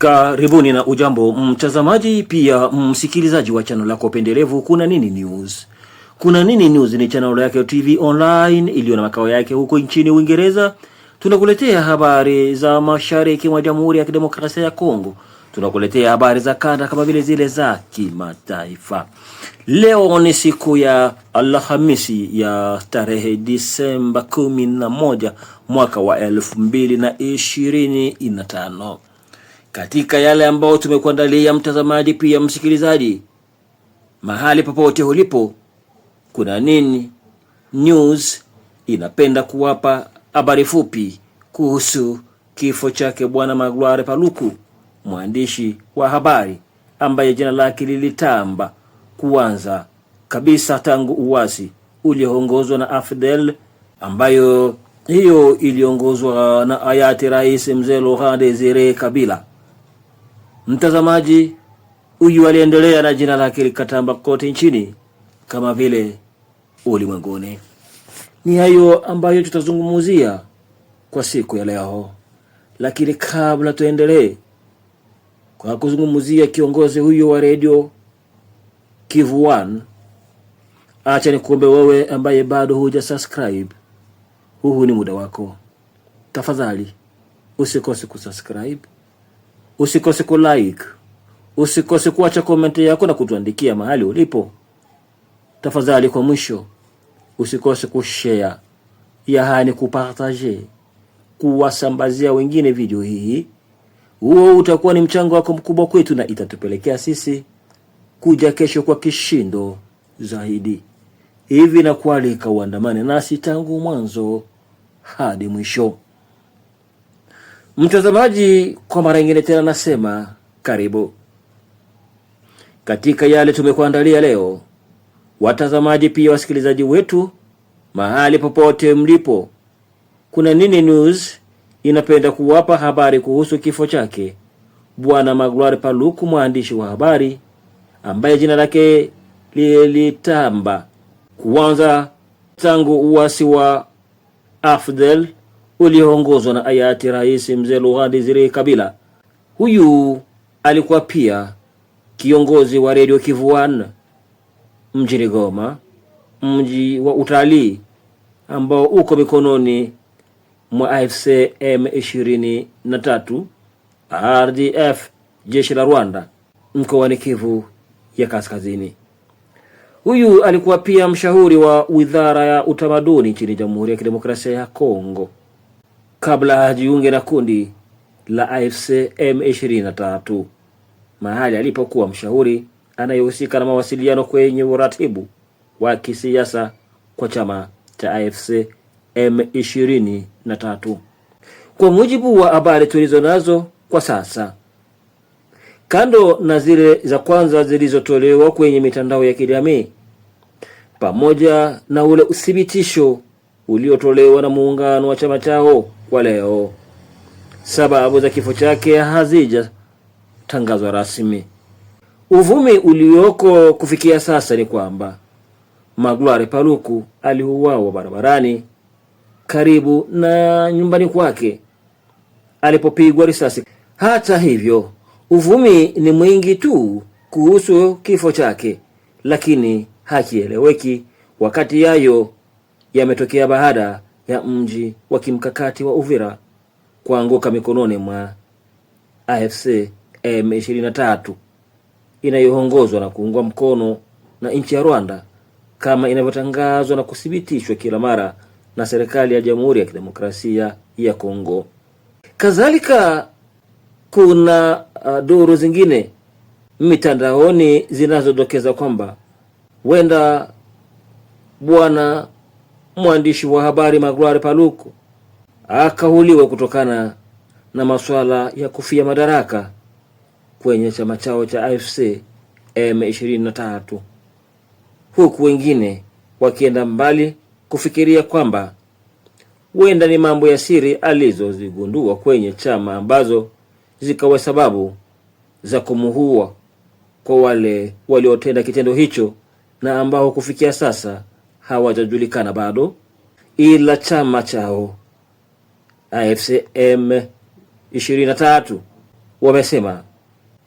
Karibuni na ujambo mtazamaji, pia msikilizaji wa channel lako pendelevu Kuna Nini News. Kuna Nini News ni channel yake TV online iliyo na makao yake huko nchini Uingereza. Tunakuletea habari za mashariki mwa Jamhuri ya Kidemokrasia ya Kongo, tunakuletea habari za kanda kama vile zile za kimataifa. Leo ni siku ya Alhamisi ya tarehe Disemba kumi na moja mwaka wa elfu mbili na ishirini na tano katika yale ambayo tumekuandalia mtazamaji, pia msikilizaji, mahali popote ulipo. Kuna Nini News inapenda kuwapa habari fupi kuhusu kifo chake Bwana Magloire Paluku, mwandishi wa habari ambaye jina lake lilitamba kuanza kabisa tangu uasi ulioongozwa na Afdel, ambayo hiyo iliongozwa na hayati Rais Mzee Laurent Desire Kabila. Mtazamaji huyu aliendelea na jina lake likatamba kote nchini kama vile ulimwenguni. Ni hayo ambayo tutazungumzia kwa siku ya leo, lakini kabla tuendelee kwa kuzungumzia kiongozi huyo wa redio Kivu One, acha nikuombe wewe ambaye bado huja subscribe, huu ni muda wako, tafadhali usikose kusubscribe Usikose ku like, usikose kuacha komenti yako na kutuandikia mahali ulipo. Tafadhali, kwa mwisho, usikose kushare, yaani kupartage, kuwasambazia wengine video hii. Huo utakuwa ni mchango wako mkubwa kwetu na itatupelekea sisi kuja kesho kwa kishindo zaidi. Hivi na kualika uandamane nasi tangu mwanzo hadi mwisho. Mtazamaji, kwa mara nyingine tena nasema karibu katika yale tumekuandalia leo. Watazamaji pia wasikilizaji wetu, mahali popote mlipo, Kuna Nini News inapenda kuwapa habari kuhusu kifo chake Bwana Magloire Paluku, mwandishi wa habari ambaye jina lake lilitamba kuanza tangu uasi wa Afdel ulioongozwa na hayati Rais Mzee Luhadi Zire Kabila. Huyu alikuwa pia kiongozi wa redio Kivuan mjini Goma, mji wa utalii ambao uko mikononi mwa AFC M23 RDF, jeshi la Rwanda, mkoani Kivu ya Kaskazini. Huyu alikuwa pia mshauri wa wizara ya utamaduni nchini Jamhuri ya Kidemokrasia ya Kongo kabla hajiunge na kundi la AFC M23 mahali alipokuwa mshauri anayehusika na mawasiliano kwenye uratibu wa kisiasa kwa chama cha AFC M23. Kwa mujibu wa habari tulizo nazo kwa sasa, kando na zile za kwanza zilizotolewa kwenye mitandao ya kijamii pamoja na ule uthibitisho uliotolewa na muungano wa chama chao kwa leo. Sababu za kifo chake hazijatangazwa rasmi. Uvumi ulioko kufikia sasa ni kwamba Magloire Paluku aliuawa barabarani karibu na nyumbani kwake alipopigwa risasi. Hata hivyo, uvumi ni mwingi tu kuhusu kifo chake, lakini hakieleweki wakati yayo yametokea baada ya mji wa kimkakati wa Uvira kuanguka mikononi mwa AFC M23 inayoongozwa na kuungwa mkono na nchi ya Rwanda kama inavyotangazwa na kuthibitishwa kila mara na serikali ya Jamhuri ya Kidemokrasia ya Kongo. Kadhalika kuna uh, duru zingine mitandaoni zinazodokeza kwamba huenda bwana mwandishi wa habari Magloire Paluku akahuliwa kutokana na masuala ya kufia madaraka kwenye chama chao cha AFC M23, huku wengine wakienda mbali kufikiria kwamba huenda ni mambo ya siri alizozigundua kwenye chama ambazo zikawa sababu za kumuua kwa wale waliotenda kitendo hicho na ambao kufikia sasa hawajajulikana bado, ila chama chao AFCM 23 wamesema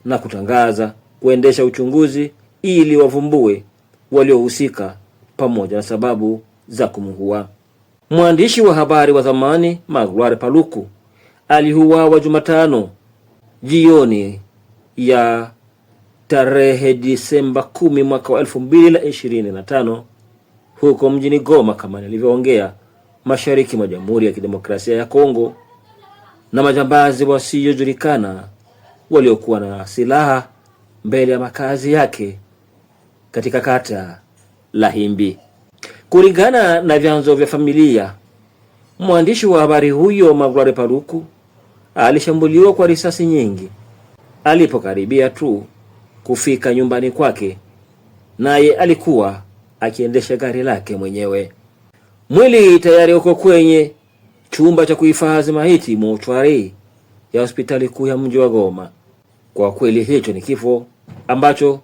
na kutangaza kuendesha uchunguzi ili wavumbue waliohusika pamoja na sababu za kumuua. Mwandishi wa habari wa zamani Magloire Paluku aliuawa Jumatano jioni ya tarehe Disemba 10 mwaka wa 2025 huko mjini Goma kama nilivyoongea, mashariki mwa Jamhuri ya Kidemokrasia ya Kongo, na majambazi wasiojulikana waliokuwa na silaha mbele ya makazi yake katika kata la Himbi. Kulingana na vyanzo vya familia, mwandishi wa habari huyo Magloire Paluku alishambuliwa kwa risasi nyingi alipokaribia tu kufika nyumbani kwake, naye alikuwa akiendesha gari lake mwenyewe. Mwili tayari uko kwenye chumba cha kuhifadhi maiti mochwari ya hospitali kuu ya mji wa Goma. Kwa kweli hicho ni kifo ambacho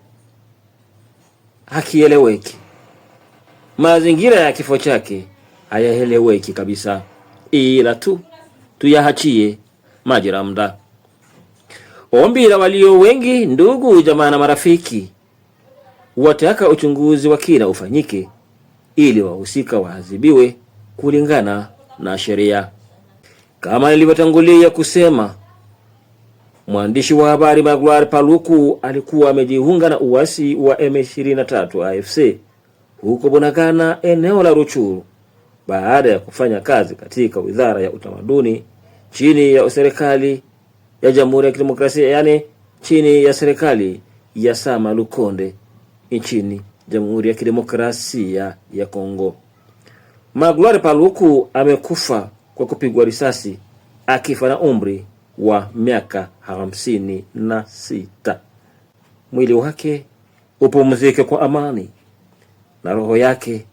hakieleweki. Mazingira ya kifo chake hayaeleweki kabisa, ila tu tuyahachie majira mda Ombi la walio wengi, ndugu jamaa na marafiki wataka uchunguzi wa kina ufanyike ili wahusika waadhibiwe kulingana na sheria. Kama nilivyotangulia kusema, mwandishi wa habari Magloire Paluku alikuwa amejiunga na uasi wa M23 AFC huko Bunagana, eneo la Ruchuru, baada ya kufanya kazi katika wizara ya utamaduni chini ya serikali ya Jamhuri ya Kidemokrasia, yani chini ya serikali ya Sama Lukonde nchini Jamhuri ya Kidemokrasia ya Kongo. Magloire Paluku amekufa kwa kupigwa risasi akifa na umri wa miaka hamsini na sita. Mwili wake upumzike kwa amani na roho yake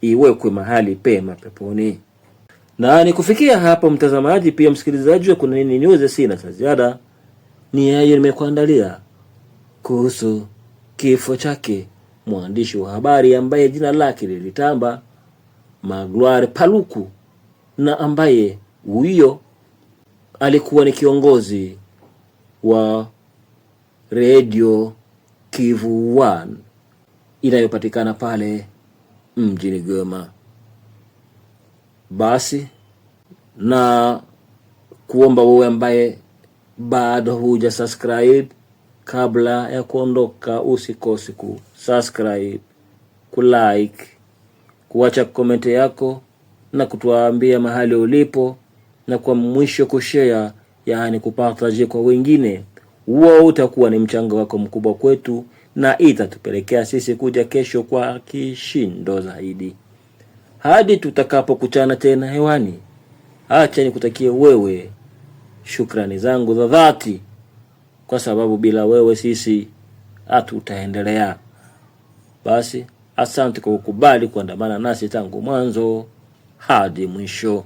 iwekwe mahali pema peponi. Na ni kufikia hapo, mtazamaji pia msikilizaji wa Kuna Nini News, sina cha ziada, ni yeye nimekuandalia kuhusu kifo chake mwandishi wa habari ambaye jina lake lilitamba Magloire Paluku na ambaye huyo alikuwa ni kiongozi wa redio Kivu 1 inayopatikana pale mjini Goma. Basi na kuomba wewe ambaye bado huja subscribe Kabla ya kuondoka, usikose ku like, kuacha komenti yako na kutuambia mahali ulipo, na kwa mwisho kushare, yaani kupartaje kwa wengine. Huo utakuwa ni mchango wako mkubwa kwetu na itatupelekea sisi kuja kesho kwa kishindo zaidi. Hadi tutakapokutana tena hewani, acha nikutakie wewe shukrani zangu za dhati kwa sababu bila wewe sisi hatutaendelea. Basi asante kwa kukubali kuandamana nasi tangu mwanzo hadi mwisho.